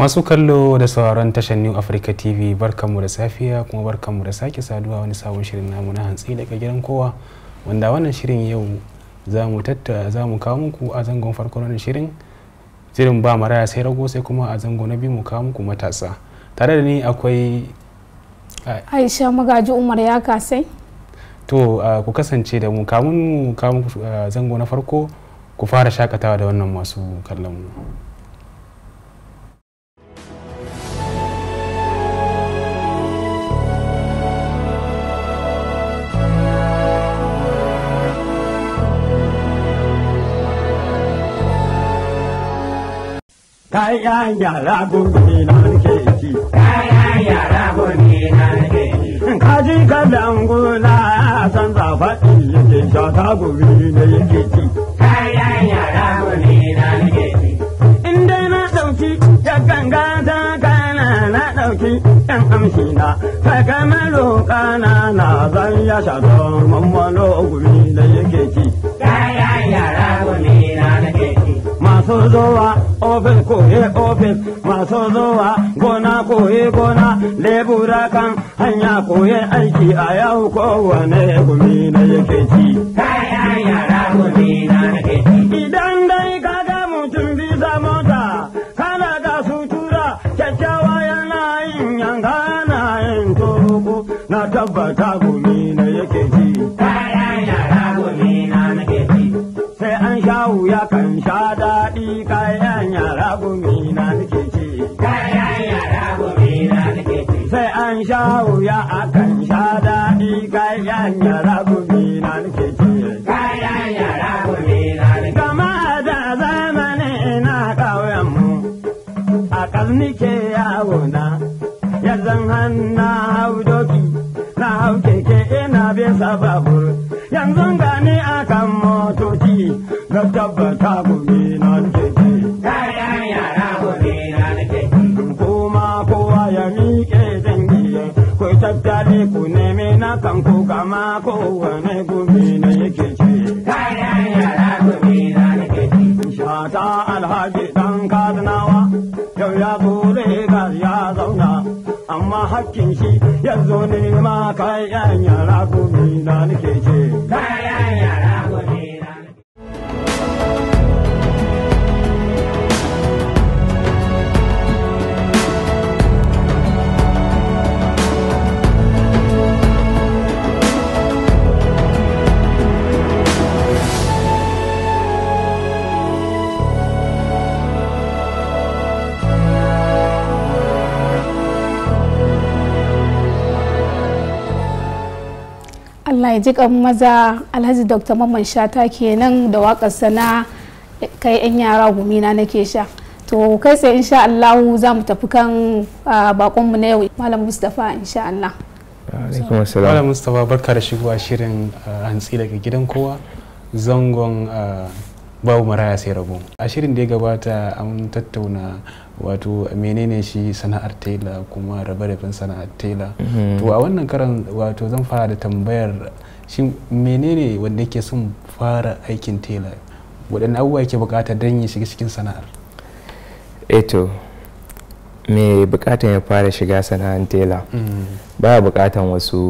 masu kallo da sauraron tashar new africa tv barkanmu da safiya kuma barkanmu da sake saduwa wani sabon shirin namu na hantsi daga gidan kowa wanda wannan shirin yau za mu za mu kawo muku a zangon farko na shirin shirin ba maraya sai rago sai kuma a zango na biyu mu kawo muku matasa tare da ni akwai aisha magaji umar ya kasai to ku kasance da mu kawo muku zango na farko ku fara shakatawa da wannan masu kallon mu kayan yara gobe na ke ci. Kayan yara gobe na ke ci. Kaji kalan gula san zafaɗi yake sha ta gobe na yake ci. Kayan yara gobe na ke ci. Inda na ɗauki ya ganga ta kana na ɗauki ɗan amshi na. Kai kamar roƙa na na zan ya sha ta mamman gobe na yake ci. masu ofin ofis koye ofin masu zuwa gona koye gona lebura kan hanya koye aiki a yau kowane gumi na yake ci. Kayan yara gumi na yake ci. Idan sha a akan sha daɗi kayan ya rabu minan keke. Kayan ya rabu minan Kama da zamani na mu a ƙarnike yawona, yanzan hannu na hau doki, na hau keke ina bin sababur, yanzu gani akan motoci, ga tabbata Legas ya zauna amma hakkin shi ya ne nema kayan yara gumi na nake ce. Kayan yara. Allah ya ji kan maza Alhaji Dr. Mamman Shata kenan da wakar sana kai yan yara gumina nake sha. To kai sai insha Allah za mu tafi kan mu na yau Malam Mustafa insha Allah. Malam Mustafa barka da shigowa shirin hantsi daga gidan kowa zangon babu maraya sai rabo a shirin da ya gabata an tattauna wato menene shi sana'ar tela kuma rabe-raben sana'ar tela mhm. to a wannan karan wato zan fara da tambayar shi menene wanda yake son fara aikin tela waɗanne abubuwa yake bukata don ya shiga cikin sana'ar eto eh me bukatan ya fara shiga sana'ar tela mm. ba bukatan wasu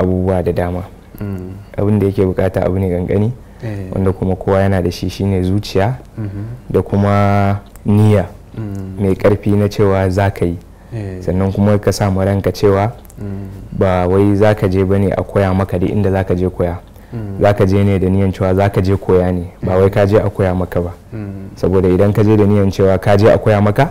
abubuwa da dama mm. abin da yake bukata abu ne gangani Eh. wanda kuma kowa yana da shi shine zuciya mhm. da kuma niyya mm. mai karfi na cewa za ka yi eh. sannan kuma ka samu ranka cewa mm. ba wai za ka je bane a koya maka da inda za ka je koya mm. za ka je ne da niyan cewa za ka je koya ne ba wai ka je a koya maka ba saboda idan ka je da niyan cewa ka je a koya maka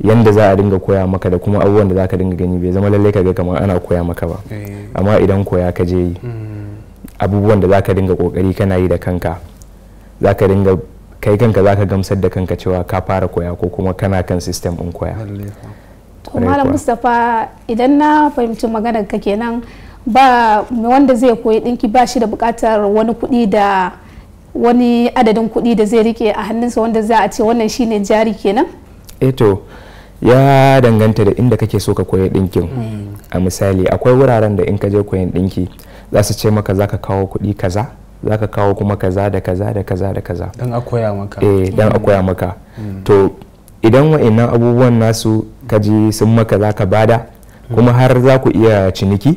yanda za a dinga koya maka da kuma abubuwan da za ka dinga gani bai zama lallai ka ga kamar ana koya maka ba eh. amma idan koya ka je yi abubuwan da zaka dinga kokari kana yi da kanka zaka dinga kai kanka zaka gamsar da kanka cewa ka fara koya ko kuma kana kan system din koya to malam mustapha idan na fahimci maganar ka kenan ba wanda zai koyi dinki ba shi da bukatar wani kuɗi da wani adadin kuɗi da zai rike a hannunsa wanda za a ce wannan shine jari kenan eto eh ya danganta da inda kake so ka koyi dinkin mm. a misali akwai wuraren da in ka je koyin dinki za su ce maka zaka kawo kuɗi kaza zaka kawo kuma kaza da kaza da kaza da kaza don a koya maka eh don a maka mm. to idan wa'annan abubuwan nasu kaji sun maka zaka bada mm. kuma har za ku iya ciniki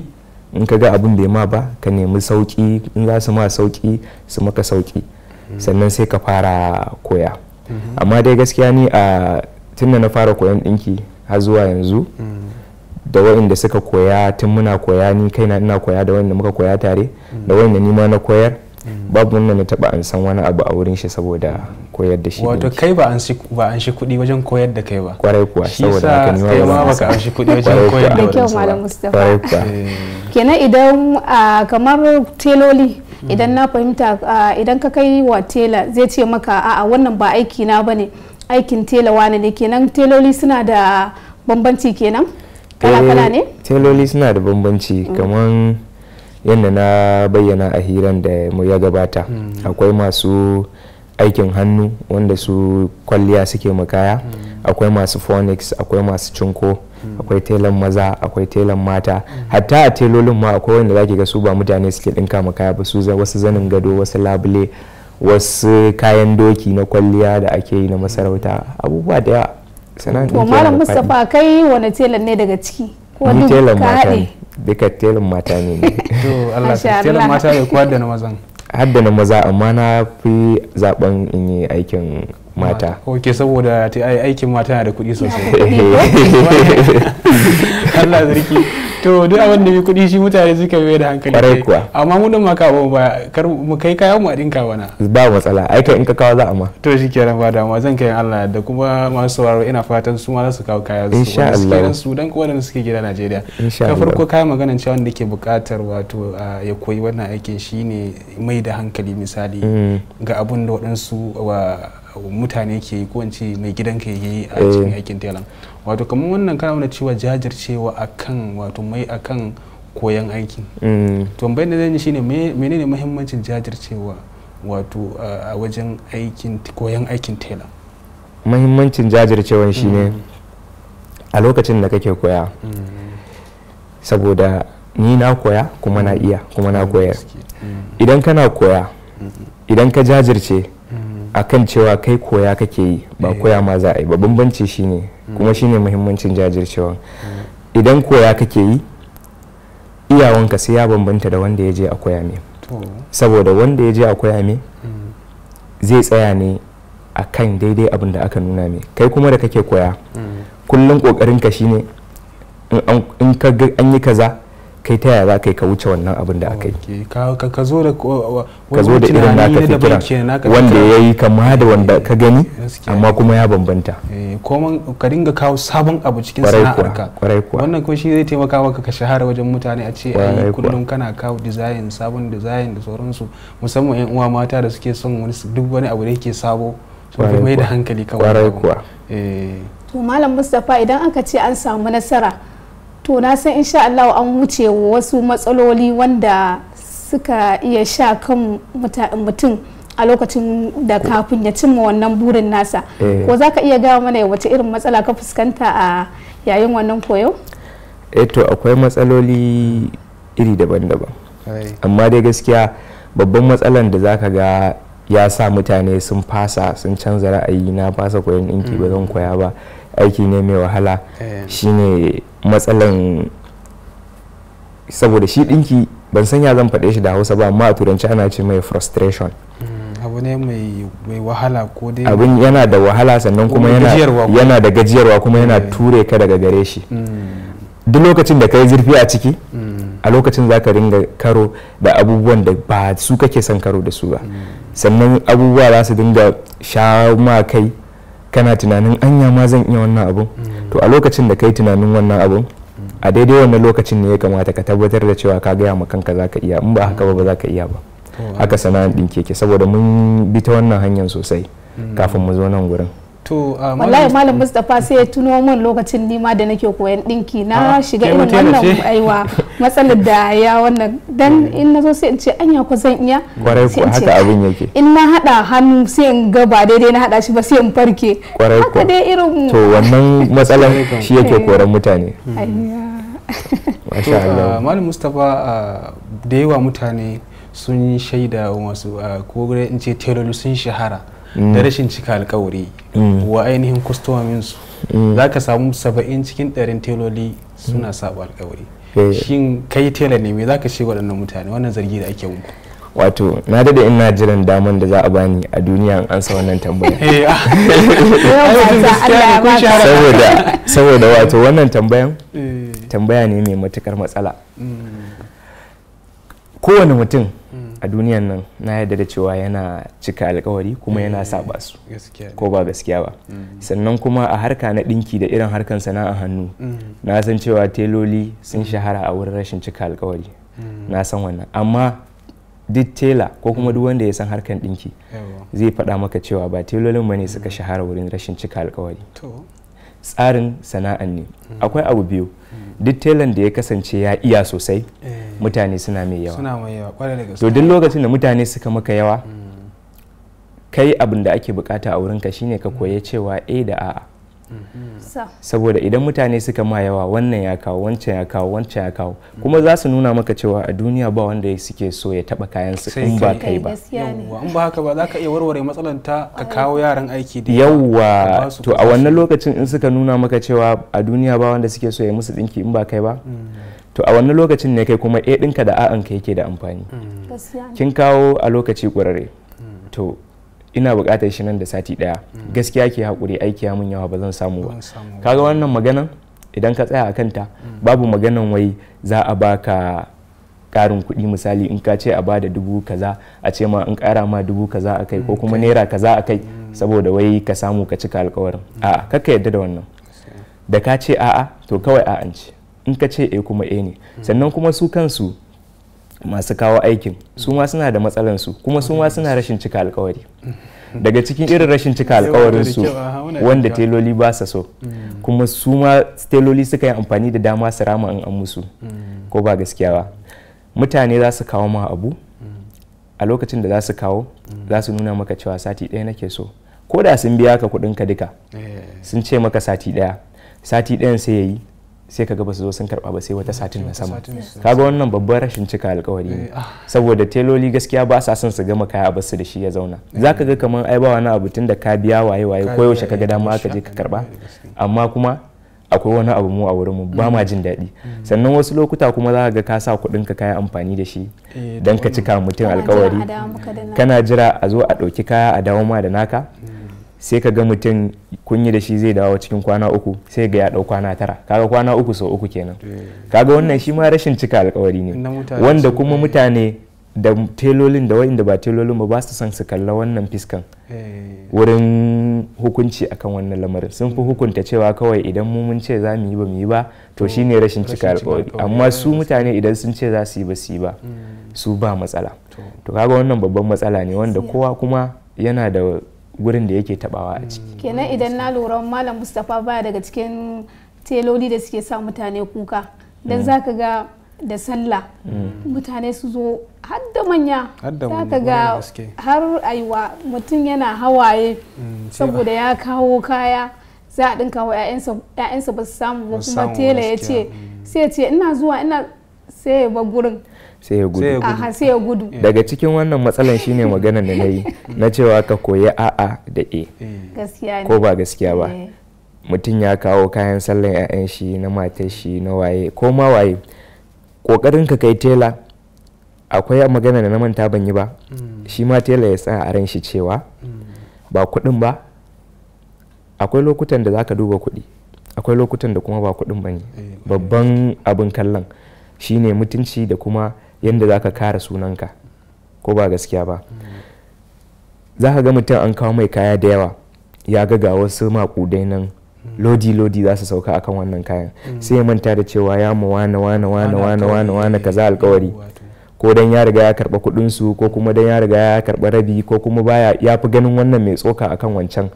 in ka ga abin ya ma ba ka nemi sauki in za su ma sauki su maka sauki mm. sannan sai ka fara koya mm-hmm. amma dai gaskiya ni a tun na fara koyan ɗinki har zuwa yanzu da waɗanda suka koya tun muna koya ni kaina ina koya da waɗanda muka koya tare da waɗanda ni ma na koyar mm. babu wanda na taba an san wani abu a wurin shi saboda koyar da shi wato kai ba an ba an shi kuɗi wajen koyar da kai ba kwarai kuwa saboda haka ni ma ba ka an shi kudi wajen koyar da kai malam mustafa eh. kenan idan kamar teloli mm. idan na fahimta idan ka kai wa tela zai ce maka a'a wannan ba aiki na bane aikin tela wane ne kenan teloli suna da bambanci kenan kala-kala ne? teloli suna da bambanci mm. kamar yadda na bayyana a hiran da mu ya gabata mm. akwai masu aikin hannu wanda su kwalliya suke makaya mm. akwai masu phonics akwai masu cinko akwai telan maza akwai telan mata hatta a telolin ma akwai wanda zaki ga su ba mutane suke dinka makaya ba su wasu zanin gado wasu labule wasu kayan doki na kwalliya da ake yi na masarauta abubuwa da yawa to malam mustapha kai wani telan ne daga ciki ko telan mata haɗe duka telan mata ne to Allah telan mata ne ko hadda na mazan hadda na maza amma na fi zaben in yi aikin mata ah, ok saboda ta aikin mata na da kuɗi sosai Allah zarki to duk abin da bi kuɗi shi mutane suka yi da hankali kwarai kuwa amma mu dan maka ba kar mu kai kayan mu a dinka bana ba matsala ai kai in ka kawo za a ma to shi kenan ba damuwa zan kai Allah da kuma masu sauraro ina fatan su ma za su kawo kaya su insha Allah su dan kuma da suke gida Najeriya ka farko kai maganan cewa wanda ke bukatar wato ya koyi wannan aikin shine mai da hankali misali mm. ga abun da waɗansu wa mutane ke yi ko mai gidanka ya yi a eh. cikin aikin telan wato kamar wannan kana wani cewa jajircewa a kan wato mai a kan koyan aiki mm. tambayar da zan yi shine menene muhimmancin jajircewa wato a wajen aikin koyan aikin tela muhimmancin jajircewan mm. shine a lokacin da kake koya mm. saboda ni na koya kuma na iya kuma na koyar idan kana koya idan ka jajirce a kan cewa kai koya kake yi ba eh. koya ma za a yi ba bambanci shine kuma shine muhimmancin jajircewa idan koya kake yi iyawanka sai ya bambanta da wanda ya je a koya me saboda wanda ya je a koya me mm. zai tsaya ne a kan daidai abin da aka nuna me kai kuma da kake koya mm. kullum kokarin ka shine in an yi kaza kai ta yaya za ka yi ka wuce wannan abin da aka yi ka zo da irin naka fikiran wanda ya yi kama da wanda ka gani amma kuma ya bambanta eh, ka dinga kawo sabon abu cikin sana'arka wannan kuma shi zai taimaka maka ka shahara wajen mutane a ce ayi kullum kana kawo design sabon design da sauransu musamman yan uwa mata da suke son wani duk wani abu da yake sabo sun fi mai da hankali kawai eh. to malam mustapha idan aka ce an samu nasara to na san insha Allah an wuce wasu matsaloli wanda suka iya sha kan mutum a lokacin da kafin ya cimma wannan burin nasa eh. ko za ka iya gawa mana wace irin matsala ka fuskanta a yayin wannan koyo? e to akwai matsaloli iri daban-daban amma dai gaskiya babban matsalan da za ka ga ya sa mutane sun fasa sun canza ra'ayi na fasa koyon inki ba zan mm. koya ba aiki ne mai wahala eh. shine matsalan saboda shi dinki ban san ya zan faɗe shi da hausa ba amma a turanci ana ce mai frustration mm, abu ne mai wahala ko dai abin yana da wahala sannan kuma yana da gajiyarwa kuma yana eh. ture ka daga gare shi mm. duk lokacin da ka yi zurfi a ciki mm. a lokacin za ka ringa karo da abubuwan da ba su kake son karo da su ba sannan abubuwa za su dinga sha ma kai kana tunanin anya ma zan iya wannan abun to a lokacin da kai tunanin wannan abun a daidai wannan lokacin ne ya kamata ka tabbatar da cewa ka gaya ma kanka za ka iya in ba haka ba ba za ka iya ba haka sana'an ɗin keke saboda mun bi ta wannan hanyar sosai mm. kafin mu zo nan gurin to uh, wallahi malam mustapha sai ya tuno min lokacin nima da nake koyan dinki na ah, shiga irin wannan aiwa matsalar da ya wannan dan hmm. in nazo sai in ce anya ko zan iya kwarai ko haka abin yake in na hada hannu sai in ga ba daidai na hada shi ba sai in farke kwarai ko dai irin to wannan matsalar shi yake koran mutane hmm. uh, malam mustapha uh, da yawa mutane sun shaida wasu ko in ce teloli sun shahara da mm. rashin cika alkawari mm. wa ainihin kwastomomin su mm. za ka samu saba'in cikin ɗarin teloli suna saba alkawari eh. shin kai tela ne me za ka ce waɗannan mutane wannan zargi da ake muku wato na dade ina jiran daman da za a bani a duniya an ansa wannan tambaya eh, ah. saboda wato wannan tambayan eh. tambaya ne mai matukar matsala kowane mutum a duniyan nan na yarda da cewa yana cika alkawari kuma yana eh, saba su ko ba gaskiya ba mm. sannan kuma a harka na dinki da irin harkan sana'a hannu mm. na san cewa teloli sun shahara a wurin rashin cika alkawari mm. na san wannan amma duk tela ko kuma duk wanda ya san harkar dinki zai faɗa maka cewa ba telolin ba ne suka shahara wurin rashin cika alkawari tsarin sana'an ne akwai abu biyu duk telan da ya kasance ya iya sosai eh. mutane suna mai yawa to duk lokacin da mutane suka maka yawa mm. kai abin da ake bukata a wurinka shine ka koya cewa a eh da a'a saboda idan mutane suka ma yawa wannan ya kawo wancan ya kawo wancan ya kawo kuma za su nuna maka cewa a duniya ba wanda suke so ya taba kayan su in ba kai ba in ba haka ba za ka iya warware matsalan ta ka kawo yaran aiki da yawa to a wannan lokacin in suka nuna maka cewa a duniya ba wanda suke so ya musu dinki in ba kai ba mm. to a wannan lokacin ne kai kuma ɗaya eh ɗinka da a'anka yake da amfani kin kawo a lokaci ƙwararre mm. to ina buƙatar shi nan da sati ɗaya mm. gaskiya ke haƙuri aiki ya mun yawa ba zan samu ba kaga wannan maganan idan ka tsaya a kanta mm. babu maganan wai za a baka karin kuɗi misali in ka ce a ba da dubu kaza a ce ma in ƙara ma dubu kaza a kai ko mm, kuma naira kaza a kai saboda wai ka samu ka cika alkawarin a'a kakka yadda da wannan da ka ce a'a to kawai a'a ce in ka ce e kuma e ne sannan kuma su kansu masu kawo aikin su ma suna da matsalansu kuma su ma suna rashin cika alkawari daga cikin irin rashin cika alkawarin su wanda teloli ba sa so hmm. kuma su ma teloli suka yi amfani da dama su rama in an musu hmm. ko ba gaskiya ba mutane za su kawo ma abu hmm. a lokacin da za su kawo za su nuna maka cewa sati ɗaya nake so ko da sun biya ka kuɗin ka duka eh. sun ce maka sati ɗaya sati ɗayan sai ya yi sai ka ba su zo sun karba ba sai wata satin na sama kaga wannan babban rashin cika alkawari ne eh, ah. saboda teloli gaskiya ba sa son su gama kaya basu da shi ya zauna zaka ga kamar ai ba wani abu tun da ka biya waye waye ko yaushe ka ga dama aka je ka karba amma kuma akwai wani abu mu a wurin mu ba ma mm. jin daɗi mm. sannan wasu lokuta kuma za ka ga ka sa kuɗin ka kayan amfani da shi eh, don ka cika mutum alkawari kana jira a zo a ɗauki kaya a dawo ma da naka sai ka ga mutum kunyi da shi zai dawo cikin kwana uku sai ga ya dau kwana tara kaga kwana uku sau uku kenan eh. kaga wannan shi ma rashin cika alkawari ne wanda kuma eh. mutane da telolin da wa'inda ba telolin ba ba su san su kalla wannan fiskan eh. wurin hukunci akan wannan lamarin sun fi hukunta cewa kawai idan mu mun ce za mu yi ba mu yi ba to shine rashin cika alkawari amma su mutane idan sun ce za su yi ba su yi ba mm. su ba matsala to kaga wannan babban matsala ne wanda kowa kuma yana da gurin da yake tabawa a ciki kenan idan na lura malam mustapha ba daga cikin teloli da suke sa mutane kuka mm. za ka ga da sallah mm. mutane su zo har da manya za ka ga har aiwa mutum yana hawaye mm, saboda ya kawo kaya za a ɗinka wa 'ya'yansa ba su samu ba kuma tela ya ce sai ce ina zuwa ina sai ba gurin sai ya gudu sai gudu eh. daga cikin wannan matsalan shine magana da na yi na cewa ka koyi a'a da e ko ba gaskiya ba eh. mutum ya kawo kayan sallan 'ya'yan shi na matar shi na waye ko ma waye kokarin ka kai tela akwai magana da na manta ban yi ba hmm. shi ma tela ya sa a ran shi cewa hmm. ba kuɗin ba akwai lokutan da zaka duba kuɗi akwai lokutan da kuma ba kuɗin ba babban abin kallon shine mutunci da kuma yadda za ka kare sunanka ko ba gaskiya ba za ka ga mutum an kawo mai kaya da yawa ya ga ga wasu makudai nan lodi-lodi za su sauka akan wannan kayan sai ya manta da cewa ya mu wane wane wane wane wane wane kaza alkawari ko dan ya riga ya karba kudin su ko kuma dan ya riga ya karba rabi ko kuma baya ya fi ganin wannan mai tsoka akan wancan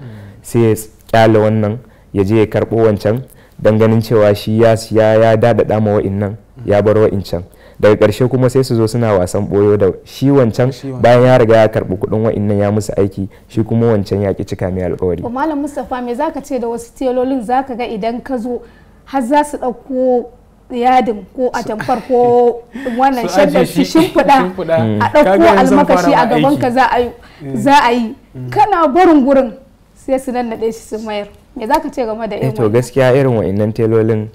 sai ya kyale wannan ya je ya karbo wancan dan ganin cewa shi ya daɗaɗa ya dadada ma wa'innan ya bar wa'incan daga karshe kuma sai su zo suna wasan boyo da shi wancan bayan ya riga ya karbi kuɗin wa'annan ya musu aiki shi kuma wancan ya ƙi cika mai alƙawari malam mustapha me zaka ce da wasu telolin zaka ga idan ka zo har za su ɗauko yadin ko a tamfar ko wannan shaddar su shimfiɗa mm. a ɗauko almakashi a gaban ka za a yi mm. mm. kana barin gurin sai su nannaɗe shi su mayar me za ka ce game da irin eh to gaskiya irin wa'annan telolin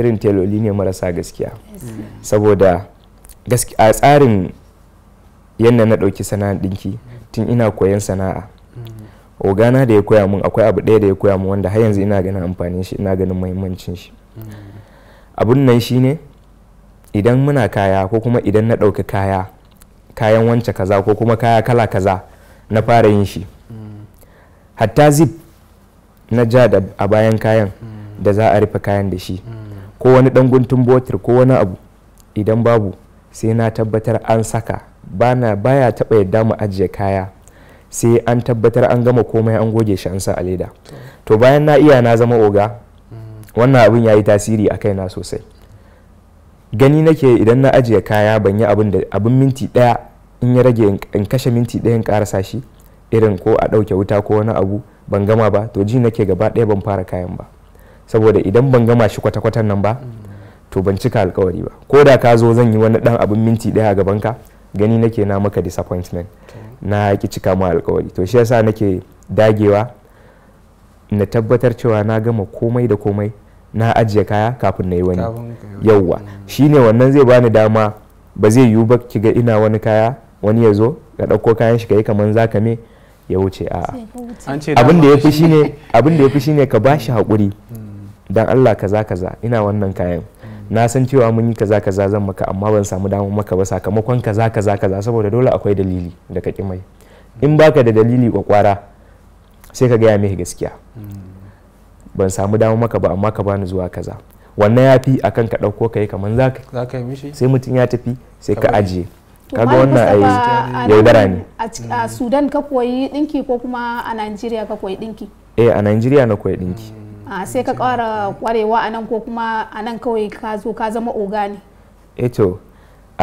irin teloli ne marasa gaskiya saboda a tsarin yadda na ɗauki sana'ar ɗinki tun ina koyan sana'a mm. ogana da ya koya mun akwai abu ɗaya da ya koya mun wanda har yanzu ina ganin amfanin shi ina ganin muhimmancin shi mm. abun nan shine idan muna kaya ko kuma idan na ɗauki kaya kayan wance kaza ko kuma kaya kala kaza na fara yin shi mm. hatta zip na ja a bayan kayan da za a rufe kayan da shi ko wani dan guntun botir ko wani abu idan babu sai na tabbatar an saka bana baya taba yadda mu ajiye kaya sai an tabbatar an gama komai an goge shi an sa a leda to bayan na iya na zama oga wannan abin ya yi tasiri a kaina sosai gani nake idan na ajiye kaya ban yi abin da abin minti daya in ya rage in kashe minti daya in karasa shi irin ko a ɗauke wuta ko wani abu ban gama ba to ji nake gaba ɗaya ban fara kayan ba saboda idan ban gama shi kwata-kwatan nan ba to ban cika alkawari ba ko da ka zo zan yi wani dan abin minti daya a gaban ka gani nake na maka disappointment na ki cika mu alkawari to shi yasa nake dagewa na tabbatar cewa na gama komai da komai na ajiye kaya kafin na yi wani yauwa shine wannan zai bani dama ba zai yiwu ba ki ga ina wani kaya wani ya zo ka ɗauko kayan shi ka yi zaka me ya wuce a'a abin da ya fi shine ka ba shi haƙuri hmm. dan Allah kaza kaza ina wannan kayan na san cewa mun yi kaza kaza zan maka amma ban samu damar maka ba sakamakon kaza kaza kaza saboda dole akwai dalili da ka mai in baka da dalili kwakwara sai ka gaya mai gaskiya ban samu damar maka ba amma ka bani zuwa kaza wannan ya fi akan ka ɗauko ka yi kamar za ka yi sai mutum ya tafi sai ka ajiye kaga wannan ai yaudara ne a sudan ka koyi dinki ko kuma a najeriya ka koyi dinki eh a najeriya na koyi dinki hmm. Ah, sai ka kara kwarewa a nan ko kuma a nan kawai ka zo ka zama oga ne eto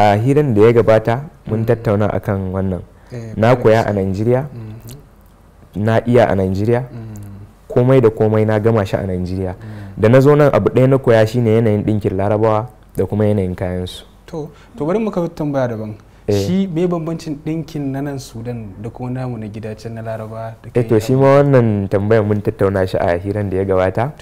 eh a hirin da ya gabata mun tattauna akan wannan eh, na koya a nigeria mm-hmm. na iya a nigeria mm-hmm. komai da komai na gama shi a nigeria mm. da na zo nan abu ɗaya na koya shine yanayin ɗinkin larabawa da kuma yanayin kayansu to to bari muka tambaya daban Eh. shi me bambancin ɗinkin na nan sudan da kuma namu na gida can na laraba da eh, to shi ma wannan tambayar mun tattauna shi a hiran da ya gabata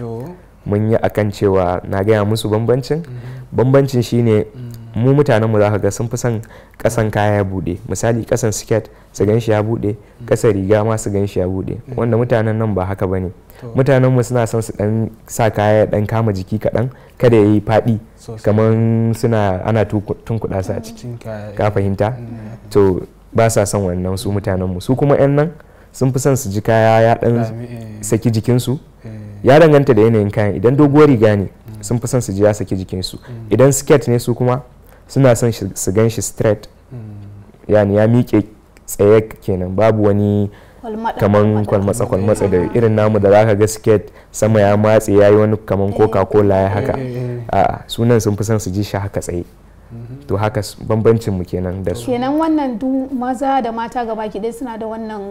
mun yi akan cewa na gaya musu bambancin mhm. bambancin shine mm. mu mutanen mu zaka ga sun fi son kasan kaya ya bude misali kasan skirt su gan shi ya bude kasan riga ma su gan shi ya bude mm. wanda mutanen nan ba haka bane mutanen mu suna son su dan sa kaya dan kama jiki kadan kada yayi fadi kamar suna ana kuda su a ciki ka fahimta mm. to ba sa son wannan su mutanen mu su kuma yan nan sun fi son su ji kaya ya dan eh. saki jikinsu eh. ya danganta da yanayin kayan idan doguwar riga ne mm. sun fi son su ji ya saki jikinsu idan skirt ne su kuma suna son su gan shi straight mm. yani ya miƙe tsaye kenan babu wani kaman kwalmatsa kwalmatsa da mm. irin namu da zaka ga skirt sama ya matse ya yi wani kaman eh, coca cola ya eh, haka eh, a sunan sun fi son su ji shi haka tsaye mm-hmm. to haka bambancin mu kenan da su kenan wannan du maza da mata gaba ki suna da wannan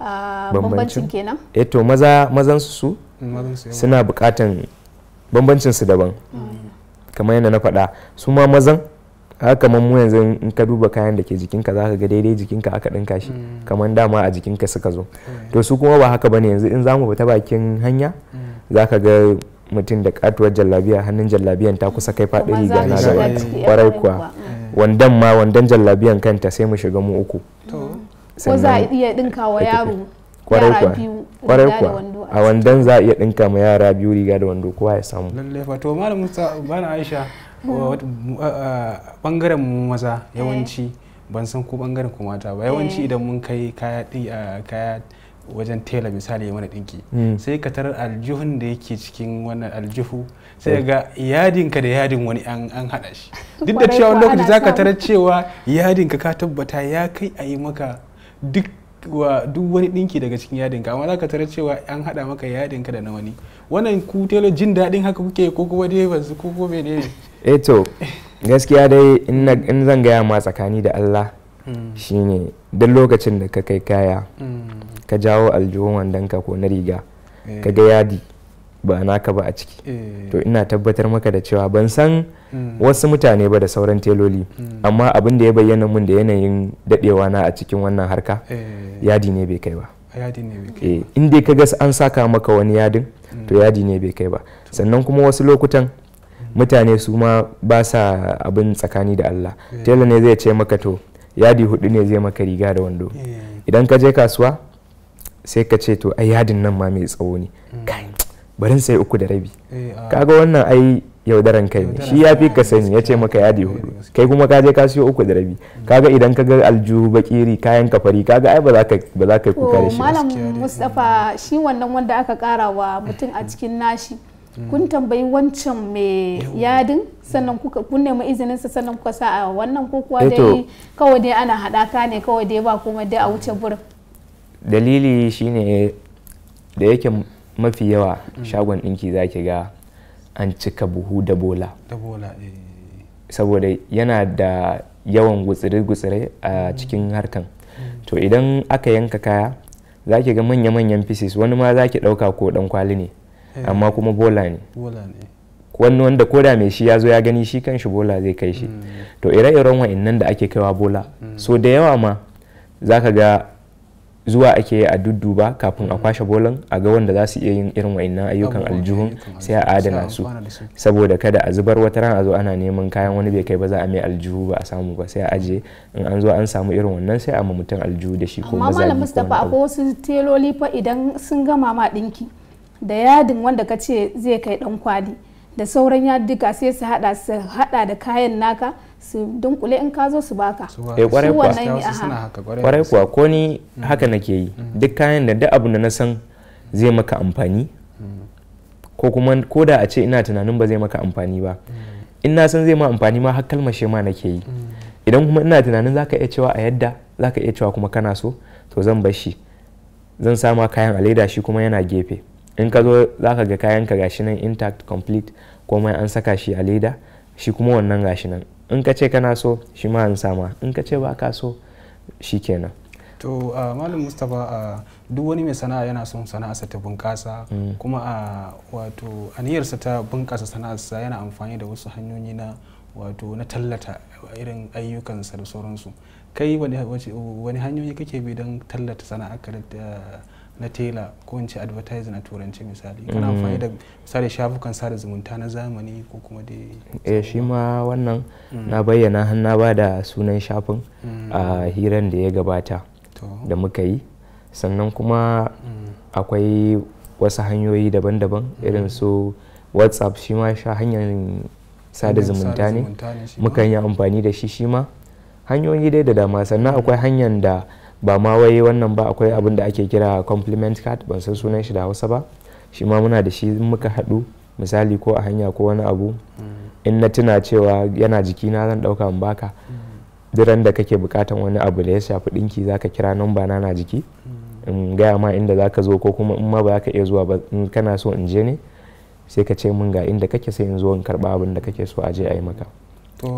ah, bambancin kenan eh to maza mazan su mm, suna bukatan bambancin su daban kamar yadda na faɗa su ma mazan haka man mu yanzu in ka duba kayan da ke jikinka za ka ga daidai jikinka aka ɗinka shi mm. kamar dama a jikinka suka zo mm. to su kuma ba haka bane yanzu in za mu fita bakin hanya mm. za ka ga mutum da katuwar jallabiya hannun jallabiyan ta kusa kai faɗi riga na da kwarai kuwa wandan ma wandan jallabiyan kanta sai mu shiga mu uku ko za a iya ɗinka wa yaro kwarai kuwa kwarai kuwa a wandan za a iya ɗinka ma yara biyu riga da wando kowa ya samu lallai fa to malam Musa bana Aisha bangaren hmm. mu maza eh. yawanci ban san ko bangaren ku mata ba yawanci eh. idan mun kai kaya wajen tela misali ya mana dinki hmm. sai ka tarar aljihun da yake cikin wannan aljihu eh. sai ga yadinka da yadin wani an haɗa shi duk da cewa wani lokaci zaka ka tarar cewa yadinka ka tabbata ya kai a yi maka duk wa duk wani dinki daga cikin yadinka amma za ka tarar cewa an haɗa maka yadinka da na wani wannan ku telo jin daɗin haka kuke ko kuma dai ko ko menene eto eh gaskiya dai in zan gaya ma tsakani da allah mm. shine duk lokacin da ka kai kaya mm. ka jawo aljihun wandonka ko na riga eh. ka ga yadi ba naka ba a ciki eh. to ina tabbatar maka da cewa ban san mm. wasu mutane ba da sauran teloli amma abin da ya bayyana mun da yanayin daɗewa na a cikin wannan harka yadi ne bai kai ba in dai ka ga an saka maka wani yadin to yadi ne bai kai ba sannan kuma wasu lokutan mutane su ma ba sa abin tsakani da Allah tela ne zai ce maka to yadi hudu ne zai maka riga da wando idan ka je kasuwa sai ka ce to ai yadin nan ma mai tsawo ne mm. barin sai uku da rabi eh, ah. kaga wannan ai yaudaran kai ne shi ya fi ka sani ya ce maka yadi eh, hudu kai kuma ka je kasuwa uku da rabi mm. kaga idan ka ga aljuhu bakiri kayan kafari kaga ai ba za ka ba za ka kuka da shi malam mustafa shi wannan wanda aka kara wa mutum a cikin nashi Mm. kun tambayi wancan mai yadin sannan mm. kuka kun nemi izinin sa sannan kuka sa a wannan ko kuwa eh dai kawai dai ana haɗaka ne kawai dai ba kuma dai a wuce burin dalili shine da yake mafi yawa mm. shagon dinki zaki ga an cika buhu da bola eh. saboda yana da yawan gutsire-gutsire a cikin harkan to idan aka yanka kaya zaki ga manya-manyan pieces wani ma zaki ɗauka ko dan kwali ne Eh. amma kuma bola ne wani wanda koda mai shi ya zo ya gani shi kan shi bola zai kai shi mm. to ire-iren wa'annan da ake kaiwa bola mm. so da yawa ma za ka ga zuwa ake a dudduba kafin a mm. kwashe bolan a ga wanda za su iya yin irin wa'annan ayyukan aljihun sai a adana su saboda kada a zubar wata ran a zo ana neman kayan wani bai kai ba za a mai aljihu ba a samu ba sai a aje in an zo an samu irin wannan sai a ma mutum aljihu da shi ko ko amma malam Mustapha akwai wasu teloli fa idan sun gama ma dinki da yadin wanda ka ce zai kai dan kwali da sauran yadika sai su hada su hada da kayan naka su dunkule in ka zo su baka eh kwarai kuwa kwarai kuwa ko ni mm. haka nake yi mm. duk kayan da duk abin da na san zai maka amfani ko kuma ko da a ce ina tunanin ba zai maka amfani ba mm. in na san zai ma amfani ma har kalmashe ma nake yi idan kuma ina tunanin zaka iya cewa a yadda zaka iya cewa kuma kana so to zan bar shi zan sama kayan a leda shi kuma yana gefe in ka zo za ka ga kayan ka gashi nan intact complete komai an saka shi a leda shi kuma wannan gashi nan in ka ce kana so shi ma an sama in ka ce ba ka so shi kenan to uh, malam mustapha duk wani mai sana'a yana son sana'arsa ta bunƙasa mm. kuma a uh, wato aniyarsa ta bunƙasa sana'arsa yana amfani da wasu hanyoyi na wato na tallata irin ayyukansa da sauransu kai wani hanyoyi kake bi don tallata sana'ar na tela ko in ce advertising a turance misali kana mm. amfani da misali shafukan sada zumunta na zamani ko kuma da eh shi ma wannan mm. na bayyana hannu ba da sunan shafin mm. a hiran da ya gabata da muka yi sannan kuma akwai wasu hanyoyi daban-daban irin su whatsapp shi ma sha hanyar sada zumunta ne muka yi amfani da shi shi ma hanyoyi dai da dama sannan akwai hanyar da ba ma wai wannan ba akwai abin da ake kira compliment card ban san sunan shi da hausa ba shi ma muna da shi muka haɗu misali ko a hanya ko wani abu in na tuna cewa yana jiki na zan ɗauka in baka diran da kake bukatan wani abu da ya shafi ɗinki zaka kira namba na na jiki in gaya ma inda zaka zo ko kuma in ma ba ka iya zuwa ba in kana so in je ne sai ka ce min ga inda kake sai in zo in karɓa abin da kake so a je a yi maka. to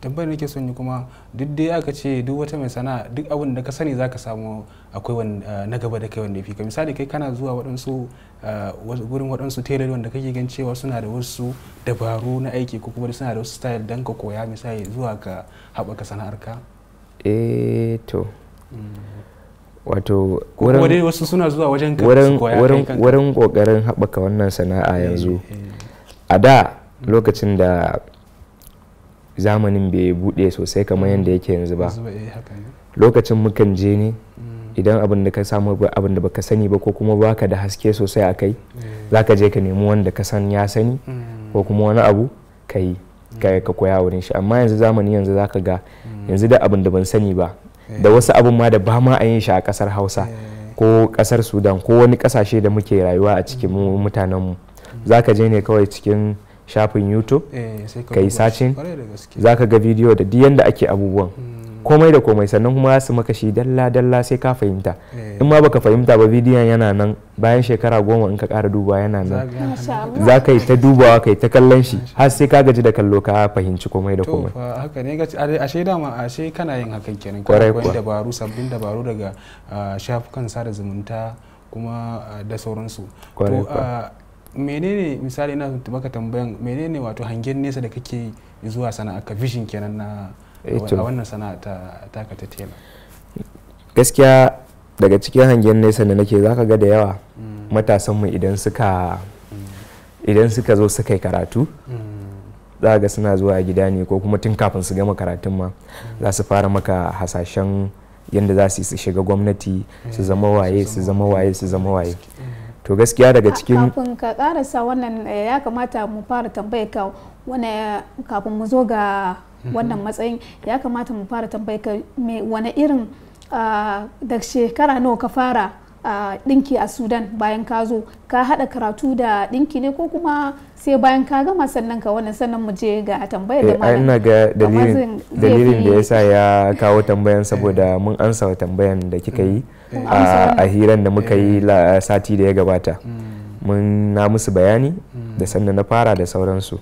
tambayar nake son ni kuma duk dai aka ce duk wata mai sana'a duk abin da ka sani za ka samu akwai na gaba da kai wanda ya fi ka misali kai kana zuwa waɗansu gurin waɗansu tailor wanda kake gan cewa suna da wasu dabaru na aiki ko kuma suna da wasu style don ka koya misali zuwa ka haɓaka sana'arka eh to mm. wato wasu suna zuwa wajen ka wurin kokarin haɓaka wannan sana'a eh, yanzu eh. a da mm. lokacin da zamanin bai buɗe sosai kamar yadda yake yanzu ba eh, lokacin mukan je ne mm. idan abin da ka samu abin da baka sani ba ko kuma baka da haske sosai a kai eh. za ka je ka nemi wanda ka san ya sani mm. ko kuma wani abu ka yi mm. ka koya wurin shi amma yanzu zamani yanzu za ka ga yanzu da abin da ban sani ba eh. da wasu abin ma da ba ma a yin shi a kasar hausa ko kasar sudan ko wani kasashe da muke rayuwa a cikin mutanenmu za ka je ne kawai cikin shafin youtube eh, ka yi sacin za ka ga bidiyo da diyan da ake abubuwan hmm. komai da komai sannan kuma su maka shi dalla dalla sai ka fahimta eh. in ma baka fahimta ba bidiyon yana nan bayan shekara goma in ka kara duba yana nan za ka yi ta dubawa ka yi ta kallon shi har sai ka gaji da kallo ka fahimci komai da komai to haka ne gaci dama shi kana yin hakan kenan kuwa dabaru sabbin dabaru daga ah, shafukan sada zumunta kuma ah, da sauransu to menene misali na maka tambayan menene wato hangen nesa da kake zuwa sana'a ka vision kenan na eh a wannan sana'a ta taka ta tela gaskiya daga cikin hangen nesa da nake zaka ga da yawa mm. matasan mu idan suka mm. idan suka zo suka yi karatu mm. za ga suna zuwa gida ne ko kuma tun kafin su gama karatun ma za su fara maka hasashen yadda za su shiga gwamnati su eh, zama waye su zama waye su zama waye to gaskiya daga cikin kafin ka karasa wannan eh, ya kamata mu fara tambaye ka wani kafin mu zo ga mhm. wannan matsayin ya kamata mu fara tambaye ka wani irin ah, da shekara nawa ka fara dinki a sudan bayan ka zo ka haɗa karatu da dinki ne ko kuma sai bayan ka gama sannan ka wannan sannan mu je ga tambayar da eh, malam ina ga dalilin da yasa ya kawo tambayan saboda mun ansa tambayan da kika yi eh, eh. a hiran da muka yi sati da ya gabata mm. mun na musu bayani mm. da sannan na fara da sauransu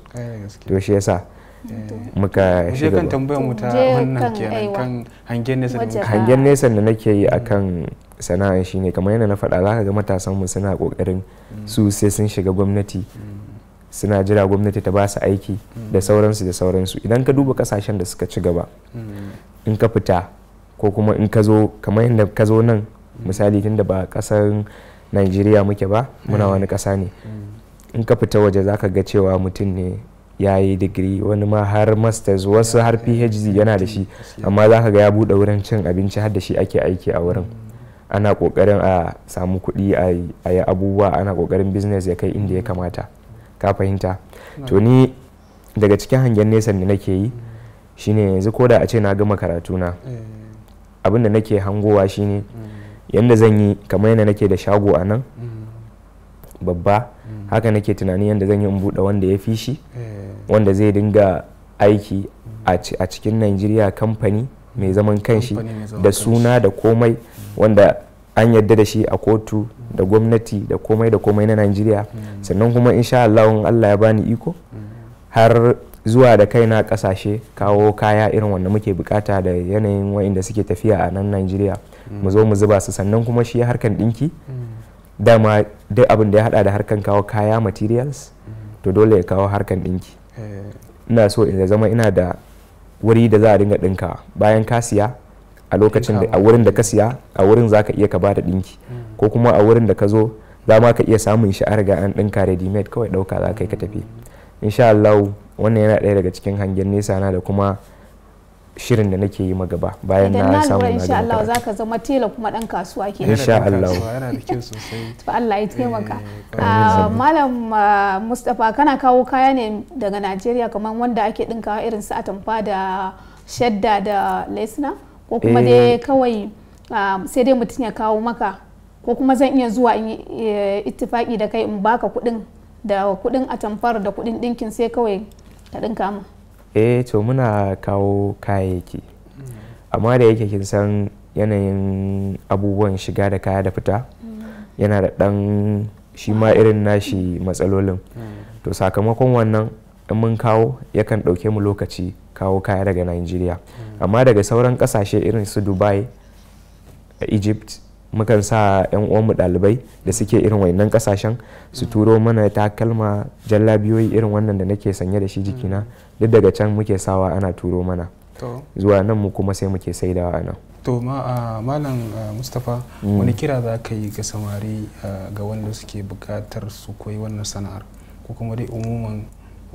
to shi yasa Eh. muka shiga kan tambayar mu ta wannan kenan kan hangen nesa da hangen nesa da nake yi a kan sana'a shine kamar yadda na faɗa zaka ga matasan mu suna kokarin mm. su sai sun shiga gwamnati mm. suna jira gwamnati ta ba su aiki mm. da sauransu da sauransu idan ka duba kasashen da suka ci gaba in ka fita ko kuma in ka zo kamar yadda ka zo nan misali tunda ba kasar najeriya muke ba muna wani kasa ne in ka fita waje zaka ga cewa mutum ne ya yi digiri wani ma har masters wasu har phd yana da shi amma za ka ga ya buɗe wurin cin abinci har da shi ake aiki a wurin ana kokarin a samu kuɗi a yi abubuwa ana kokarin business ya kai inda ya kamata ka fahimta to ni daga cikin hangen nesa da nake yi shine yanzu ko da a ce na gama karatuna abin da nake hangowa shine yadda zan yi kamar yadda nake da shago a nan mm. babba haka nake tunanin yadda zan yi in buɗe wanda ya fi shi eh. wanda zai dinga aiki a cikin nigeria kamfani mai zaman kanshi da suna da komai hmm. wanda an yadda da shi a kotu da hmm. gwamnati da komai da komai na nigeria hmm. sannan kuma insha Allah Allah ya bani iko har zuwa da kai na kasashe kawo kaya irin wanda muke bukata da yanayin wa'inda suke tafiya a nan nigeria mu zo mu zuba su sannan kuma shi harkan dinki dama dai abin da ya hada da harkan kawo kaya materials to dole ya kawo harkan dinki eh. ina so in zama ina da wuri da za a dinga dinka bayan ka siya a lokacin da a wurin da ka siya a wurin za ka iya ka bada dinki hmm. ko kuma a wurin da ka zo za ma ka iya samun shi a riga an dinka ready made kawai dauka za ka yi ka tafi hmm. insha Allah wannan yana ɗaya daga cikin hangen nesa na da kuma shirin da nake yi ma bayan na samu na lura Allah za ka zama tela kuma dan kasuwa ke insha Allah yana da kyau sosai to Allah ya taimaka eh, ah, malam ah, Mustapha kana kawo kaya ne daga Najeriya kamar wanda ake ɗinkawa irin su atamfa da shadda da lesna ko kuma dai eh. kawai ah, sai dai mutum ya kawo maka ko kuma zan iya zuwa in eh, ittifaki da kai in baka kuɗin da kuɗin atamfar da kuɗin ɗinkin sai kawai ka dinka mu eh to muna kawo kayayyaki amma da yake kin san yanayin abubuwan shiga da kaya da fita yana da ɗan shi ma irin nashi matsalolin to sakamakon wannan in mun kawo yakan ɗauke mu lokaci kawo kaya daga nigeria amma daga sauran kasashe irin su dubai egypt mukan sa 'yan uwanmu ɗalibai da suke irin wannan kasashen su turo mana takalma jallabiyoyi irin wannan da nake sanye da shi jikina duk daga can muke sawa ana turo mana zuwa nan mu kuma sai muke saidawa a nan to malam mustapha mm. wani kira za ka yi ga samari ga wanda suke bukatar su koyi wannan sana'ar ko kuma dai umuman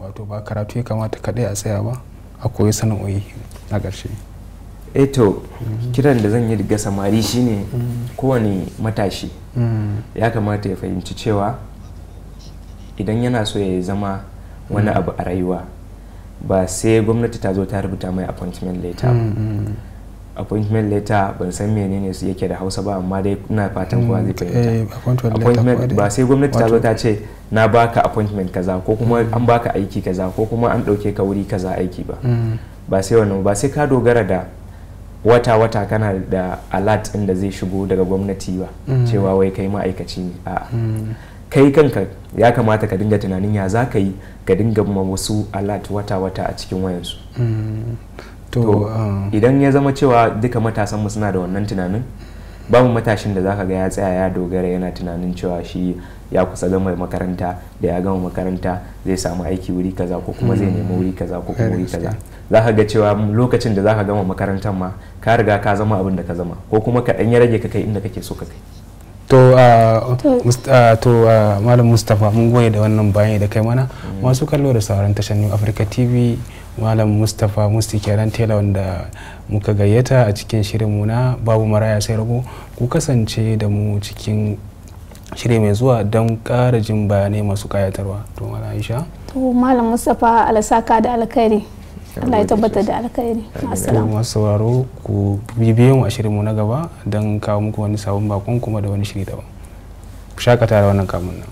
wato ba karatu ya kamata kadai a tsaya ba a koyi sana'o'i na ƙarshe eh to mm. kiran da zan yi ga samari shine mm. kowane matashi ya kamata ya fahimci cewa idan yana so ya zama wani abu a rayuwa ba sai gwamnati ta zo ta rubuta mai appointment letter mm, mm. appointment letter ban san menene su yake da hausa ba amma dai ina fatan kowa zai mm, fahimta eh, appointment ba sai gwamnati ta zo ta ce na baka appointment kaza ko kuma an baka aiki kaza ko kuma an dauke ka wuri kaza aiki ba ba sai wannan ba sai ka dogara da wata wata kana da alert inda da zai shigo daga gwamnati ba cewa wai kai ma'aikaci ne a'a kai kanka ya kamata ka dinga tunanin ya za ka yi ka dinga ma wasu alat wata-wata a cikin wayansu mm. to um, idan ya zama cewa duka matasanmu suna da wannan tunanin babu matashin da za ka ga ya tsaya ya dogara yana tunanin cewa shi ya kusa gama makaranta da ya gama makaranta zai samu aiki wuri kaza ko kuma zai nemi wuri kaza ko kuma wuri kaza mm. za ka ga cewa lokacin da za ka gama makarantar ma ka riga ka zama abin da ka zama ko kuma ka ya rage ka kai inda kake so ka kai to to malam mustapha mun goye da wannan bayan da kai mana mm. masu kallo da sauran tashar new africa tv malam mustapha musti kenan tela wanda muka gayyata a cikin shirinmu na babu maraya sai rago ku kasance da mu cikin shirin mai zuwa don ƙara jin bayanai masu kayatarwa to malam aisha to malam mustapha alasaka da alkhairi Allah ya tabbatar da alkhairi assalamu masu sauraro ku bibiye mu a shirin mu na gaba don kawo muku wani sabon bakon kuma da wani shiri daban ku shakata da wannan kamun nan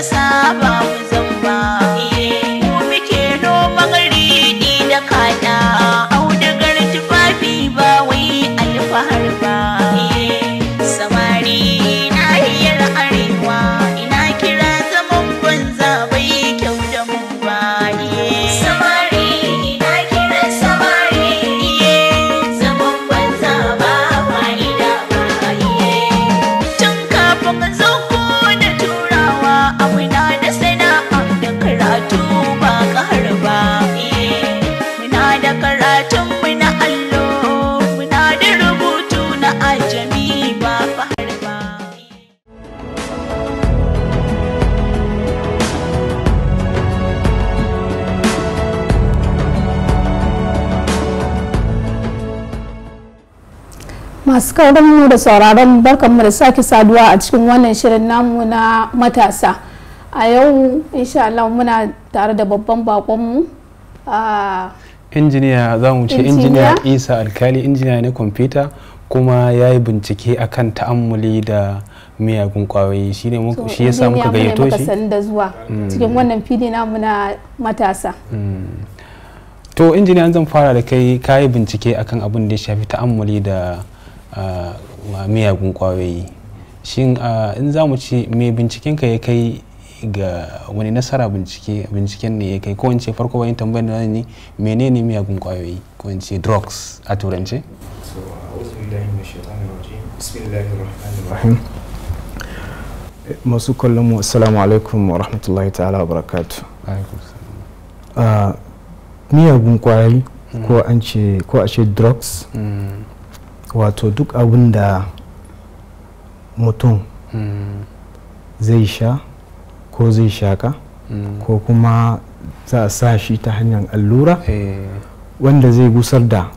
passava sauraron mu da sauraron mu da sake saduwa a cikin wannan shirin namu na matasa a yau insha Allah muna tare da babban bakon bakonmu injiniya za mu ce injiniya isa alkali injiniya ne kwamfuta kuma ya yi bincike akan ta'ammuli da miyagun kwayoyi shi ne shi ya samu ga yato shi da zuwa mm. cikin wannan fili namu na matasa mm. to injiniya zan fara da kai ka yi bincike akan abin da ya shafi ta'ammuli da miyagun kwayoyi shin in za mu ce me binciken ka ya kai ga wani nasara bincike binciken ne ya kai ko wance farko bayan tambayar da ne menene miyagun kwayoyi ko wance drugs a turance uh, masu kallon mu assalamu alaikum wa rahmatullahi ta'ala wa barakatu uh, miyagun kwayoyi hmm. ko an ce ko a ce drugs hmm. wato duk abin da mutum zai sha ko zai shaka ko kuma za a sa shi ta hanyar allura eh. wanda zai gusar da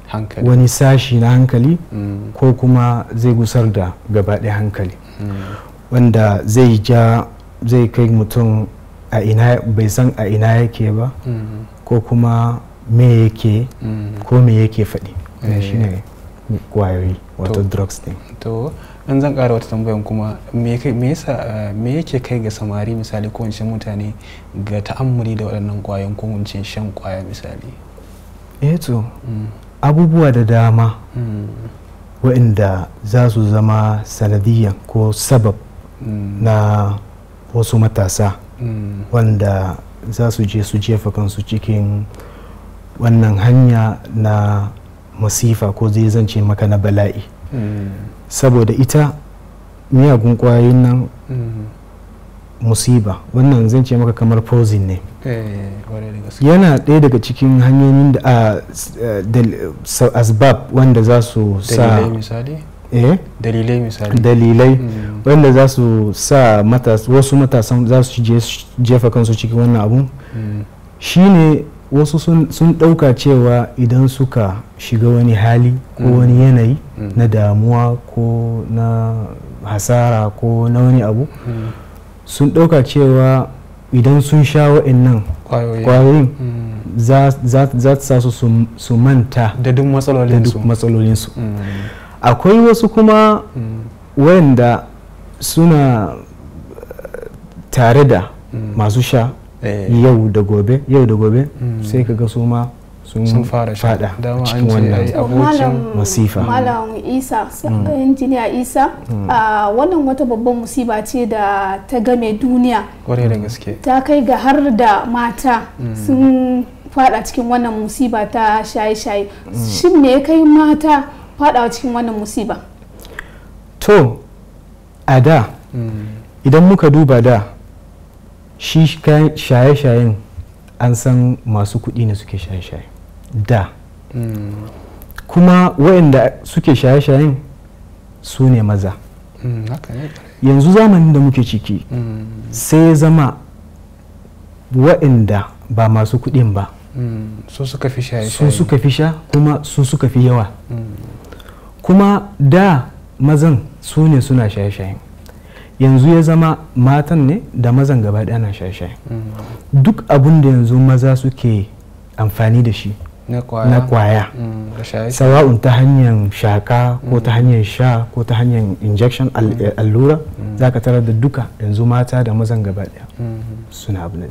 wani sashi na hankali mm. ko kuma zai gusar da gabaɗe hankali mm. wanda zai ja zai kai mutum a ina bai san a ina yake ba mm. ko kuma me yake ko me yake faɗi eh. ne kwayoyi wato drugs din to an zan kara wata tambayan kuma me yasa eh, me yake kai ga samari misali ko wancan mutane ga ta'ammuli da waɗannan kwayoyin ko wancan shan kwaya misali eh to mm. abubuwa da dama mm. waɗanda za su zama sanadiyya ko sabab mm. na wasu matasa wanda za su je su jefa kansu cikin wannan hanya na masifa ko zai zance maka na bala'i mm. saboda ita miyagun kwayoyin nan mm. musiba wannan zan ce maka kamar poison ne eh, yana ɗaya daga cikin hanyoyin da ah, a asbab wanda za su sa dalilai misali eh? dalilai mm. wanda za su sa wasu matasan za su jefa kansu cikin wannan abun shine wasu sun ɗauka cewa idan suka shiga wani hali ko mm. wani yanayi mm. na damuwa ko na hasara ko na wani abu mm. sun ɗauka cewa idan sun sha wa'annan kwayoyin za su sa su manta da duk matsalolinsu akwai wasu kuma wanda suna eh, tare da masu sha Eh. yau da gobe yau da gobe hmm. sai ka ga su ma sun fara fada cikin wannan masifa malam isa hmm. injiniya isa hmm. ah, wannan wata babban musiba ce da ta game duniya da gaske ta kai ga har da mata sun fada cikin wannan musiba ta shaye-shaye shin me ya kai mata fadawa cikin wannan musiba to a da idan muka duba da shi shaye-shayen an san masu kuɗi ne suke shaye-shaye da hmm. kuma waɗanda suke shaye-shayen su ne maza hmm, yanzu zamanin da muke ciki hmm. sai zama waɗanda ba masu kuɗin ba su suka fi shaye su suka fi sha kuma su suka fi yawa kuma da mazan su ne suna shaye-shayen yanzu ya zama matan ne da mazan gaba ɗaya na shaye duk abin da yanzu maza suke amfani da shi na kwaya mm, sawa'un ta hanyar shaka ko ta mm. hanyar sha ko ta hanyar injection mm. allura za ka tarar da duka yanzu mata da mazan gaba ɗaya mm-hmm. suna abu na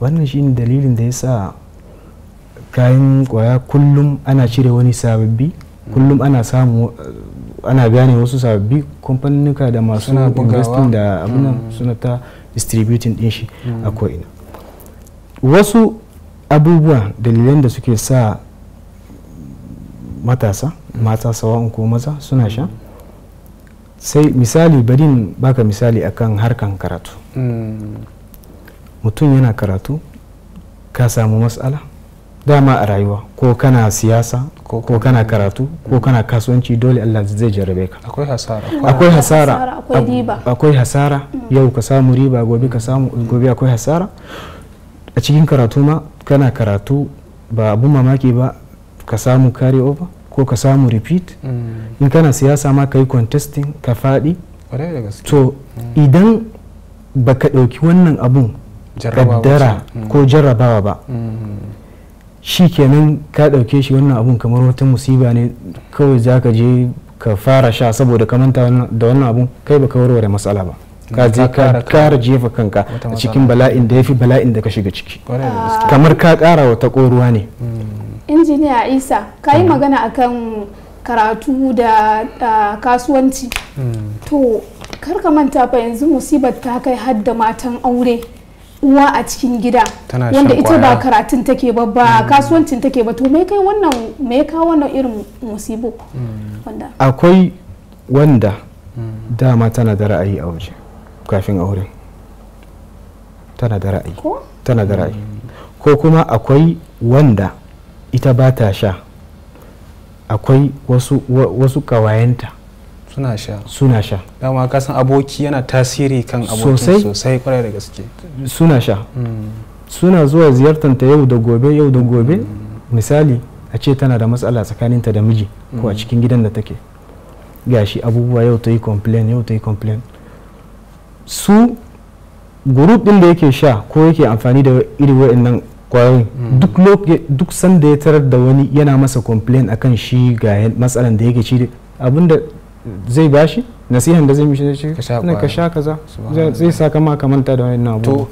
wannan shine dalilin da ya sa kayan kwaya kullum ana cire wani sababbi kullum ana samu ana gane wasu sababbi kamfanunuka da masu investing da mm. abin suna ta distributing din shi mm. a ko'ina wasu abubuwa dalilan da suke sa matasa mata sawa'un ko maza suna sha sai misali barin baka misali akan harkan karatu mm. mutum yana karatu ka samu matsala dama a rayuwa ko kana siyasa ko kana karatu ko kana kasuwanci dole Allah zai jarabe ka akwai hasara akwai hasara akwai hasara mm. yau ka samu riba gobe ka samu gobe akwai hasara a cikin karatu ma kana karatu ba abun mamaki ba ka samu carry over ko ka samu repeat mm. in kana siyasa ma ka yi contesting ka fadi to mm. idan baka ɗauki wannan abun kaddara ko jarrabawa ba shi kenan ka ɗauke shi wannan abun kamar wata musiba ne kawai za ka je ka fara sha saboda ka manta da wannan abun kai baka warware matsala ba ka je ka kara jefa kanka a cikin bala'in da ya fi bala'in da ka shiga ciki kamar ka kara wata koruwa ne hmm. injiniya isa ka yi hmm. magana akan karatu da kasuwanci hmm. to kar ka manta fa yanzu musibar ta kai hadda matan aure uwa a cikin gida wanda ita ba karatun take ba ba hmm. kasuwancin take ba to me kai wannan me ka wannan irin musibo hmm. wanda akwai wanda hmm. dama tana da ra'ayi a waje kafin auren tana da ra'ayi tana da ra'ayi ko kuma akwai wanda ita ba ta sha akwai wasu kawayenta suna sha suna sha dama ka san aboki yana tasiri kan abokin sosai kwarai da gaske suna sha suna zuwa ziyartanta yau da gobe yau da gobe misali a ce tana da matsala tsakaninta da miji ko a mm. cikin gidan da take gashi abubuwa yau ta yi complain yau ta yi complain su gurup din da yake sha ko yake amfani da irin wa'annan kwayoyin mm. duk sanda ya tarar da wani yana masa complain akan shi ga matsalan da yake ci abinda zai bashi nasihan da zai mishi zai ce ka sha kaza zai sa kama kamanta manta da wani abu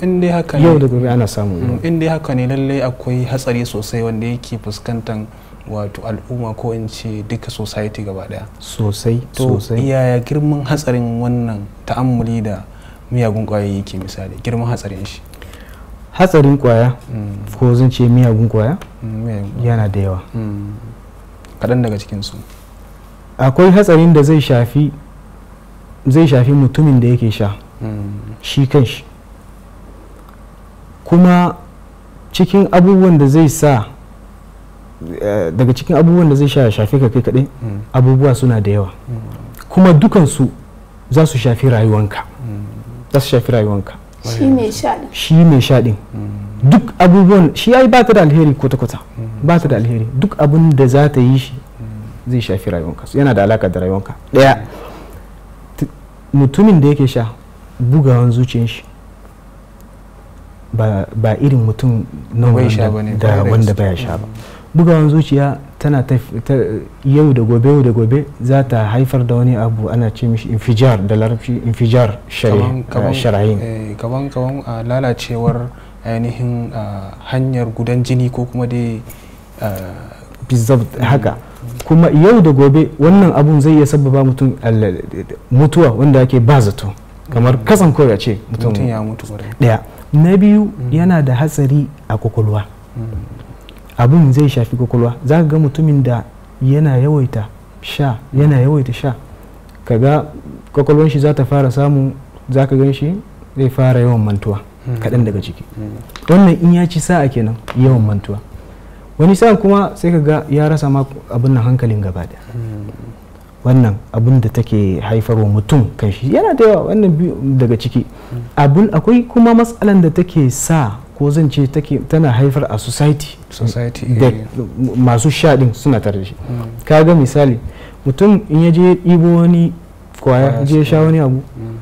yau da gobe ana samu mm, in dai haka ne lallai akwai hatsari sosai wanda yake fuskantar wato al'umma ko in ce duka society gaba daya sosai sosai yaya girman hatsarin wannan ta'ammuli da miyagun kwaya yake misali girman hatsarin shi hatsarin kwaya mm. ko zan ce miyagun kwaya mm, yana da yawa kaɗan daga cikinsu akwai hatsarin da zai shafi zai shafi mutumin da yake sha shi kan shi kuma cikin abubuwan da zai sa eh, daga cikin abubuwan da zai sha shafi ka kai kaɗai abubuwa suna da yawa kuma dukansu za su shafi rayuwanka za su shafi rayuwanka shi mai shaɗin duk abubuwan shi ya yi ba ta da alheri kwata-kwata ba ta da alheri duk abin da za ta yi shi zai shafi rayuwanka yana da alaka da rayuwanka daya mutumin da yake sha bugawan zuciyar shi ba irin mutum na da wanda baya sha ba mm. bugawan zuciya tana yau da gobe yau da gobe za ta haifar da wani abu ana ce mishi infijar da larabci infijar sharayin kaban kaban lalacewar ainihin ah, hanyar gudan jini ko kuma dai bizzab ah, haka kuma yau da gobe wannan abun zai iya sababa mutum mutuwa wanda ake ba zato kamar mm. kasan koya ce mutum ya mutu daya na biyu mm. yana da hatsari a kwakwalwa mm. abun zai shafi kwakwalwa za ka ga mutumin da yana yawaita sha yana yawaita sha kaga kwakwalwan shi za ta fara samu za ka gan shi zai fara yawan mantuwa kaɗan daga ciki wannan in ya ci sa'a kenan yawan mantuwa wani sa kuma sai ka ga ya rasa ma abin nan hankalin gaba da wannan abin da take haifarwa mutum kan shi yana da yawa wannan daga ciki abin akwai kuma matsalan da take sa ko zan ce tana haifar a society da eh. masu shaɗin suna tare da shi kaga misali mutum in ya je ibo wani kwaya je sha wani abu mm.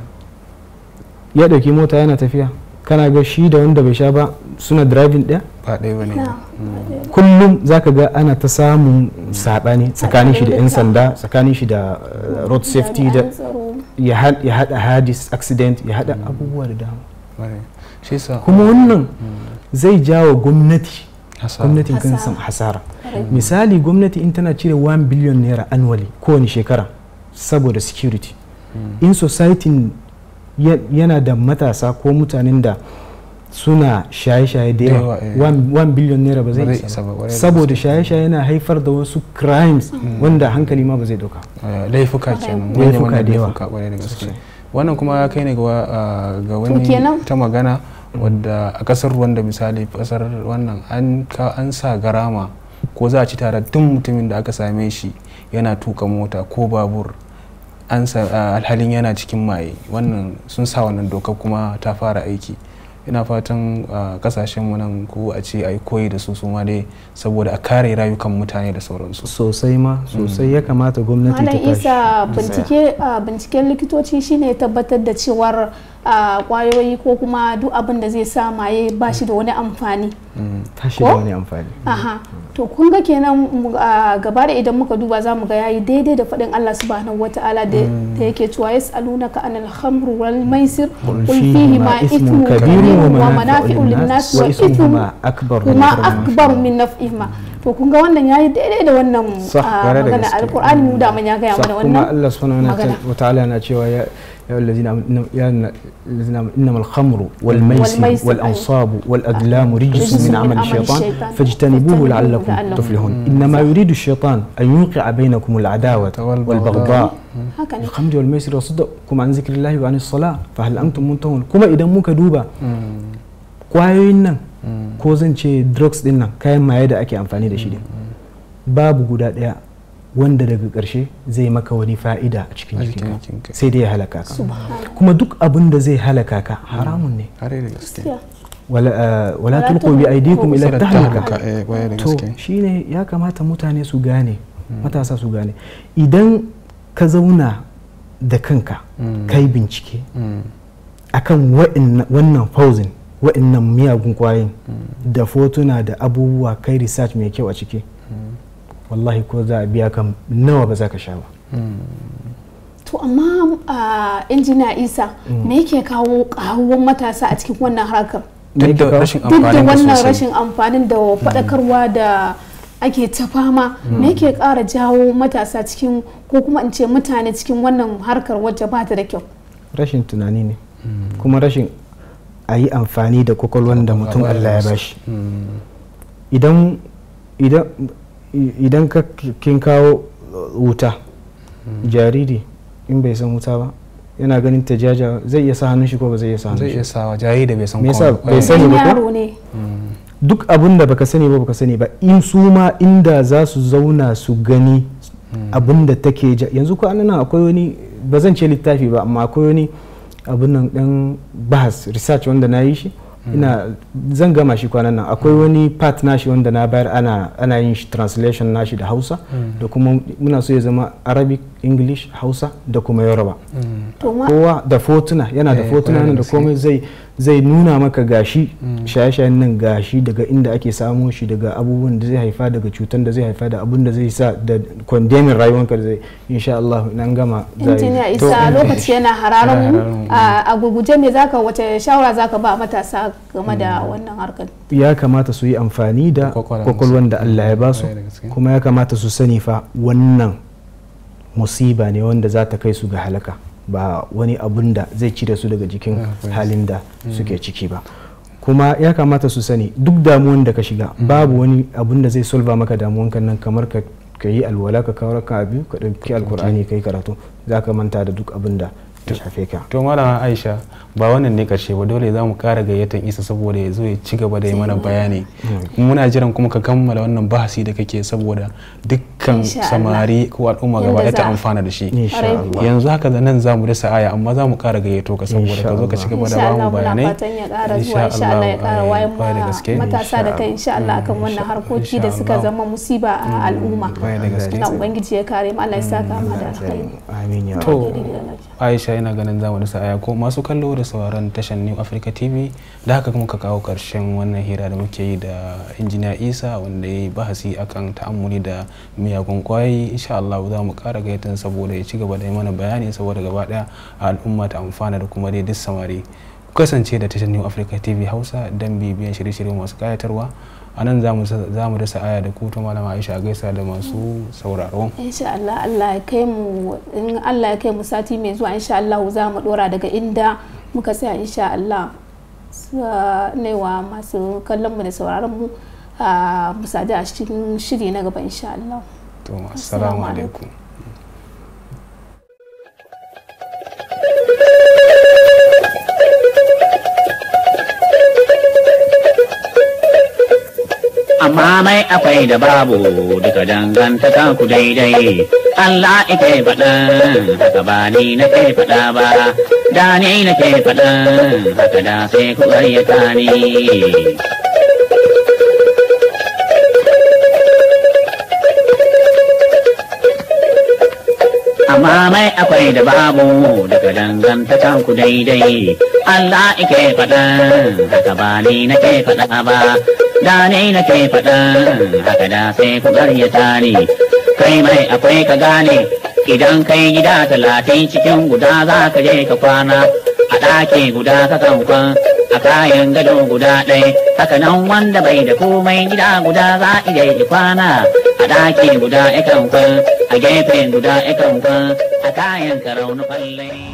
ya ɗauki mota yana tafiya kana ga shi da wanda bai sha ba suna driving ɗaya ba ɗaya mm. ba ne kullum za ka ga ana ta samun saɓani tsakanin shi da 'yan sanda tsakanin shi da uh, road safety da ya haɗa hadis accident ya haɗa mm. abubuwa da dama kuma wannan mm. zai jawo gwamnati gwamnatin kansan hasara misali gwamnati in tana cire 1 biliyon naira annually kowane shekara saboda security in society yana da matasa ko mutanen da suna shaye-shaye da yawa 1 eh, biliyon naira ba zai isa ba saboda shaye-shaye yana haifar da wasu crimes mm. wanda hankali ma ba zai doka eh, laifuka kenan laifuka da yawa wannan kuma ya kai ne ga ah, wani ta magana wadda a kasar wanda misali kasar wannan an sa garama ko za a ci tare duk mutumin da aka same shi yana tuka mota ko babur alhalin yana cikin maye wannan sun sa wannan doka kuma ta fara aiki ina fatan kasashen mu nan ko a ce a yi koyi da su suma dai saboda a kare rayukan mutane da sauransu sosai ma sosai ya kamata gwamnati ta tashi isa binciken likitoci shine tabbatar da cewar kwayoyi ko kuma duk abin da zai sa maye ba shi da wani amfani mm, ba shi da wani amfani aha to kun ga kenan gaba da idan muka duba za mu ga yayi daidai da faɗin Allah subhanahu wata'ala mm. da yake cewa yas'alunaka anil khamru wal maisir qul fihi ma ithmun kabirun wa manafi'un lin nas wa ithmun akbar akbar min naf'ihima to kun ga wannan yayi daidai da wannan magana alqur'ani mu da man ya ga mana wannan kuma Allah subhanahu wata'ala na cewa ya. يا الذين امنوا الذين انما الخمر والميسر والانصاب والاقلام رجس من عمل الشيطان فاجتنبوه لعلكم تفلحون انما يريد الشيطان ان يوقع بينكم العداوه والبغضاء الخمر والميسر وصدقكم عن ذكر الله وعن الصلاه فهل انتم منتهون كما اذا muka duba kwayoyin nan ko zan ce drugs din nan kayan maye da ake amfani da shi wanda daga ƙarshe zai maka wani fa'ida a cikin jikinka sai dai ya halaka ka kuma duk abin da zai halaka ka haramun ne eh, wala tulqu bi aydikum ila tahlaka eh, to shine ya kamata mutane su gane hmm. matasa su gane idan ka zauna da kanka hmm. kai bincike hmm. akan wannan fauzin wa'annan miyagun kwayoyin da fotuna da abubuwa kai research mai kyau a ciki wallahi ko za a biya ka nawa ba za ka sha ba to amma injina isa mm. me yake kawo karuwan matasa a cikin wannan harkar duk da wannan rashin amfanin da mm. faɗakarwa da ake ta fama me mm. yake ƙara jawo matasa cikin ko kuma in ce mutane cikin wannan harkar wacce ba ta da kyau rashin tunani ne kuma rashin a yi amfani da kwakwalwan da mutum allah ya bashi idan idan ka kin kawo wuta hmm. jariri in bai san wuta ba yana ganin ta jaja zai iya sa hannun shi ko ba zai iya sa hannun shi zai iya sa jariri da bai san kuma bai sani ba ko hmm. duk abin da baka sani ba baka sani ba in su ma inda za su zauna su gani hmm. abin da take ja yanzu ko nan akwai wani ba zan ce littafi ba amma akwai wani abin nan dan bahas research wanda na yi shi Mm. ina zan gama shi kwanan nan akwai mm. wani part nashi wanda na bayar ana yin shi translation nashi da hausa mm. da kuma muna so ya zama arabic english hausa da kuma yoruba mm. kowa da fotuna yana da eh, fotuna da komai zai zai nuna maka gashi mm. shaye-shayen nan gashi daga inda ake samo shi daga abubuwan da zai haifa daga cutar da zai haifa da abun da zai sa da kwandemin rayuwanka da zai insha Allah nan gama injiniya isa lokaci yana hararin mu a gurguje me zaka wace shawara zaka ba matasa game da mm. wannan harkar ya kamata su yi amfani da kwakwalwan da Allah ya ba su kuma ya kamata su sani fa wannan musiba ne wanda za ta kai su ga halaka ba wani abun da zai cire su daga jikin ah, halin da hmm. suke ciki ba kuma ya kamata su sani duk damuwan da ka shiga hmm. babu wani abun da zai solva maka damuwan kan nan kamar ka yi alwala ka kawar ka biyu ka ɗauki alkur'ani ka yi karatu za ka manta da duk abun da ta shafe ka to malama aisha ba wannan ne karshe ba dole za mu kara gayyatan isa saboda ya zo ya ci gaba da yi mana bayani muna jiran kuma ka kammala wannan bahasi da kake saboda dukkan samari ko al'umma gaba ta amfana da shi yanzu haka da nan za mu dasa aya amma za mu kara gayyato ka saboda ka zo ka ci gaba da bamu bayanai insha Allah ya kara wayan eh, matasa da kai insha Allah akan wannan harkoki da suka zama musiba a mm, al'umma na ubangiji ya kare mu Allah ya saka mu da mm, alheri amin ya to Aisha gaskiya ina ganin zamani sa'aya ko masu kallo da sauraron tashar new africa tv da haka kuma ka kawo karshen wannan hira da muke yi da injiniya isa wanda ya yi bahasi akan ta'ammuli da miyagun kwayoyi insha allah za mu kara gaitan saboda ya ci gaba da yi mana bayani saboda gaba daya al'umma ta amfana da kuma dai duk samari kasance da tashar new africa tv hausa don bibiyan shirye-shirye masu kayatarwa a nan za mu dasa aya da kuto malama aisha gaisa da masu sauraro insha Allah Allah ya kai mu in Allah ya kai mu sati mai zuwa insha Allah za mu dora daga inda muka tsaya insha Allah wa masu kallon mu da sauraron mu a ah, musadi a cikin shiri na gaba insha Allah to assalamu alaikum amma mai akwai da babu duka ta ku daidai Allah ike faɗa haka ba ni na ke faɗa ba da ni na ke faɗa haka da sai ku ƙaryata ni. amma mai akwai da babu daga ta ku daidai Allah ike faɗa haka ba ni ke faɗa ba da ne nake faɗa haka da sai ku garyata ne kai mai akwai ka gane idan kai gida talatin cikin guda za ka je ka kwana a ɗaki guda ka kan a kayan gado guda ɗai haka nan wanda bai da komai gida guda za a je ya kwana a ɗaki guda ya kan a gefe guda ya kan a kayan karau na